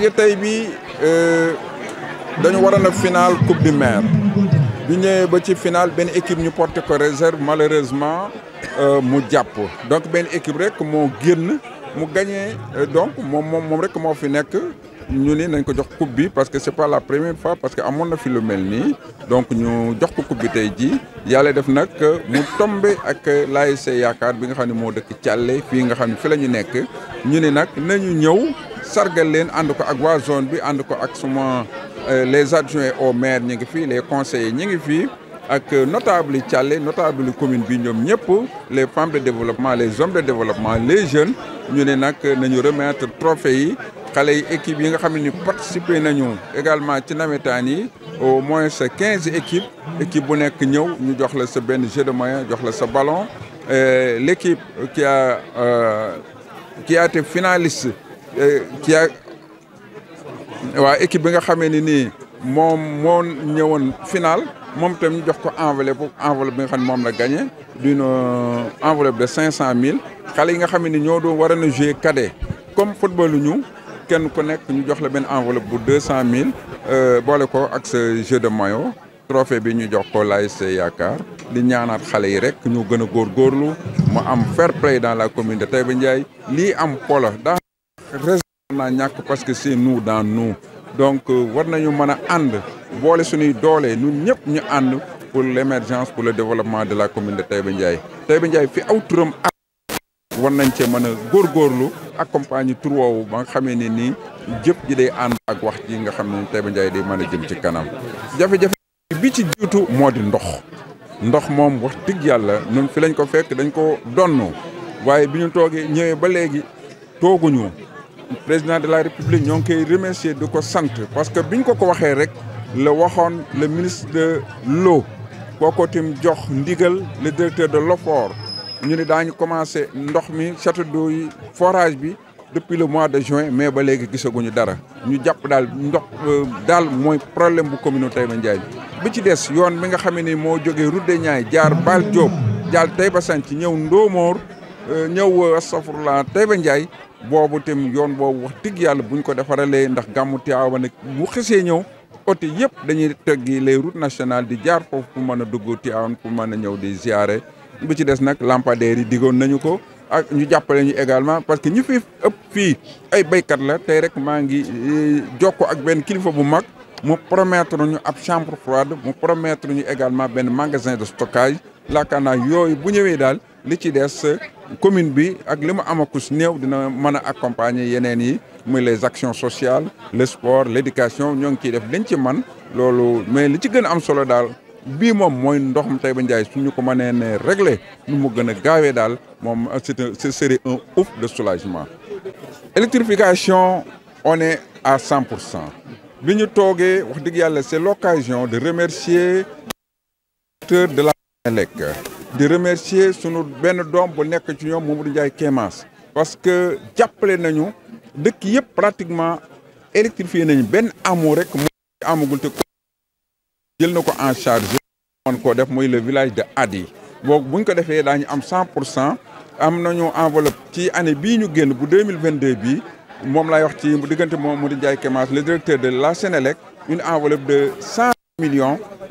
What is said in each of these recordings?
que bi euh dañu finale final coupe du maire bu ñëwé ba ci final ben équipe ñu porte ko réserve malheureusement euh, mu japp donc ben équipe rek mo génn mu gagné euh, donc mom mom mom rek mo fi nekk ñu ni nañ ko jox coupe bi parce que c'est pas la première fois parce que amon na fi lu melni donc ñu jox ko coupe bi tay ji yalla def nak mu tombé ak l'ASC Yakar bi nga xamni mo dëkk Thialé fi nga xamni fi lañu ñu nekk ñu ni nag nañu ñëw sargal leen ànd ko ak waa zone bi ko ak suma euh, les adjoints au maire ñi ngi les conseillers ñi ngi fii ak euh, notable yi Thialé commune bi ñoom ñëpp les femmes de développement les hommes de développement les jeunes ñu ne nag nañu remettre trophée yi xale yi équipe yi nga participer nañu également ci nawetaan au moins quinze équipes équipe bu nekk ñëw ñu jox la sa benn jeu de moyen jox la sa ballon euh, l'équipe qui a qui a été finaliste qui eh, a waaw équipe bi nga xamee ni nii moom moo final moom itam ñu jox ko enveloppe enveloppe bi nga xam ne la gagné d'une euh, enveloppe de cinq cent mille xale yi nga xam ne ñoo doon war a jouer cadet comme football ñu kenn ku nekk ñu jox la benn enveloppe bu deux cent mille euh, boole ko ak sa jeu de maillot trophée bi ñu jox ko l'ASC Yaakaar di ñaanaat xale yi rek ñu gën a góorgóorlu mu am fair play dans la communauté de Taïba li am polo raisonnement ñàkk parce que c'est nous dans nous donc euh, war nañu mën a ànd boole suñuy doolee nu ñëpp ñu ànd pour l'émergence pour le développement de la commune de Taïba Ndiaye Taïba Ndiaye fi aw turam war nañ cee mën a góorlu accompagner tur woowu ba nga xamee ne nii jëpp ji day ànd ak wax ji nga xam ne Taïba Ndiaye de mën a jëm ci kanam jafe-jafe bi ci jiitu moo di ndox ndox moom wax dëgg yàlla ñun fi lañ ko fekk dañ ko donn waaye bi ñu toogee ñëwee ba léegi tooguñu président de la république ñoo ngi koy remercier di ko sant parce que bi ñu ko ko waxee rek la waxoon le ministre de l'eau kooko tim jox ndigal le directeur de l'OFOR ñu ne daañu commencé ndox mi château d'eau yi forage bi depuis le mois de juin mais ba léegi gisaguñu dara ñu jàpp daal ndox euh, daal mooy problème bu commune Taïba Ndiaye bi ci des yoon bi nga xame ni moo jogee route ñaay jaar Baal Diop jaar Taïba Santhi ñëw Ndoomoor euh, ñëw euh, astafurlah Taïba Ndiaye boobu tam yoon boobu wax dëgg yàlla ñu ko defaralee ndax gàmmu Tiwaawan nag bu xesee ñëw oto yëpp dañuy teggi les route nationales di jaar foofu pour mën a dugg Tiwaawan pour mën a ñëw di ziare bu ci des nag lampadaires yi digoon nañu ko ak ñu jàppale ñu également parce que ñu fi ëpp fii ay béykat la tey rek maa ngi eh, jokko ak benn kilifa bu mag mu promettre ñu ab chambre froide mu promettre ñu également benn magasin de stockage laakaar naa yooyu bu ñëwee daal li ci des commune bi ak li mu am akus néew dina accompagner yeneen yi les actions sociales le sport l'éducation, éducation ñoo ngi ciy def liñ ci man loolu mais li ci gën am solo daal bii moom mooy ndoxum Taïba Ndiaye suñu ko mënee ne régler nu mu gën a gaawee daal moom ce serait un ouf de soulagement électrification on est à 100%. pour cent bi ñu wax dëgg de remercier directeur de la Elec de remercier sunu ben dom bu nek ci ñoom Mamadou Ndiaye kemas parce que jàppale nañu dekk yépp pratiquement électrifié nañu ben amoo rek mu amagul te jël nako en charge moon ko def moy le village de Adi bok buñ ko défé dañu am 100% am nañu enveloppe ci année bi ñu génn bu 2022 bi mom lay wax ci digënté Mamadou Ndiaye le directeur de la Sénélec une enveloppe de 100 millions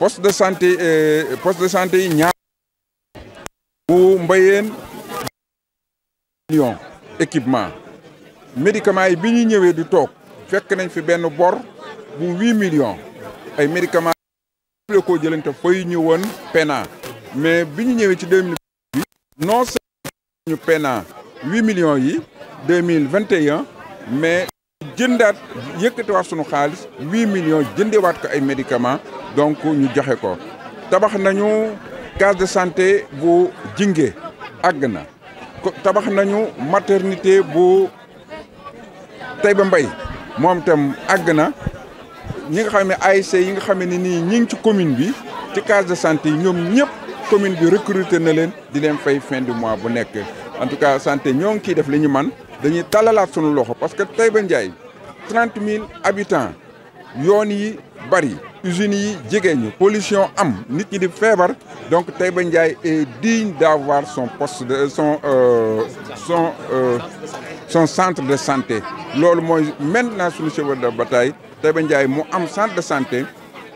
poste de santé euh, poste de santé Mbayen Lyon équipement médicaments bi ñi ñëwé du tok fekk nañ fi ben bor bu 8 millions ay médicaments le ko jëlante fay ñu won pena mais bi ñi ñëwé ci 2000 non seulement ñu pena 8 millions yi 2021 mais jëndaat yëkkatiwaat sunu xaalis huit millions waat ko ay médicament donc ñu joxe ko tabax nañu case de santé bu Jinge àgg na tabax nañu maternité bu ba mbay moom itam àgg na ñi nga xam ne ASC yi nga xam ni nii ñi ngi ci commune bi ci case de santé yi ñoom ñëpp commune bi recruter na leen di leen fay fin mois bu nekk en tout cas santé ñoo ngi ciy def li ñu man dañuy tàllalaat sunu loxo parce que Taïba Ndiaye trente habitants yoon yi bari usine yi jege ñu pollution am nit ñi di feebar donc Taïba Ndiaye est digne d'avoir son poste de son euh, son euh, son centre de santé loolu mooy maintenant sunu cheval de bataille Taïba Ndiaye mu am centre de santé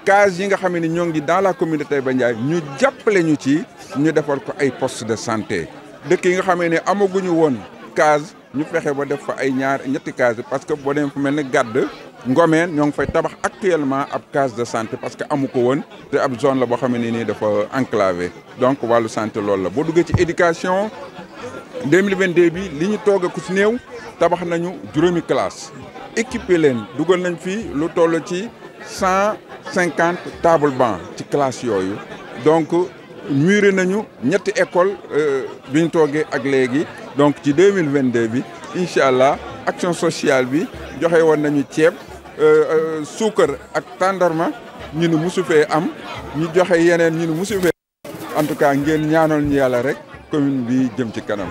case yi nga xam ne ñoo ngi dans la commune de Taïba Ndiaye ñu jàppale ñu ci ñu defar ko ay poste de santé dëkk yi nga xam ne amaguñu woon case ñu fexé ba def fa ay ñaar ñetti case parce que bo dem fu melni ne ngomène ñong fay tabax actuellement ab case de santé parce que amuko ko té ab zone la bo xamné ni dafa enclavé donc walu santé lool la bo duggé ci éducation 2022 bi li ñu togg ku ci néew tabax nañu juroomi classe équipé leen duggal nañ fi lu tollu ci 150 table banc ci classe yoyu donc muré nañu ñetti école euh, bi ñu toogee ak léegi donc ci 2022 bi incha allah action sociale bi joxe woon nañu ceeb euh, euh, suukar ak tàndarma ñu ni musu fee am ñu joxe yeneen ñu ni musu fee en tout cas ngeen ñaanal ñu yàlla rek commune bi jëm ci kanam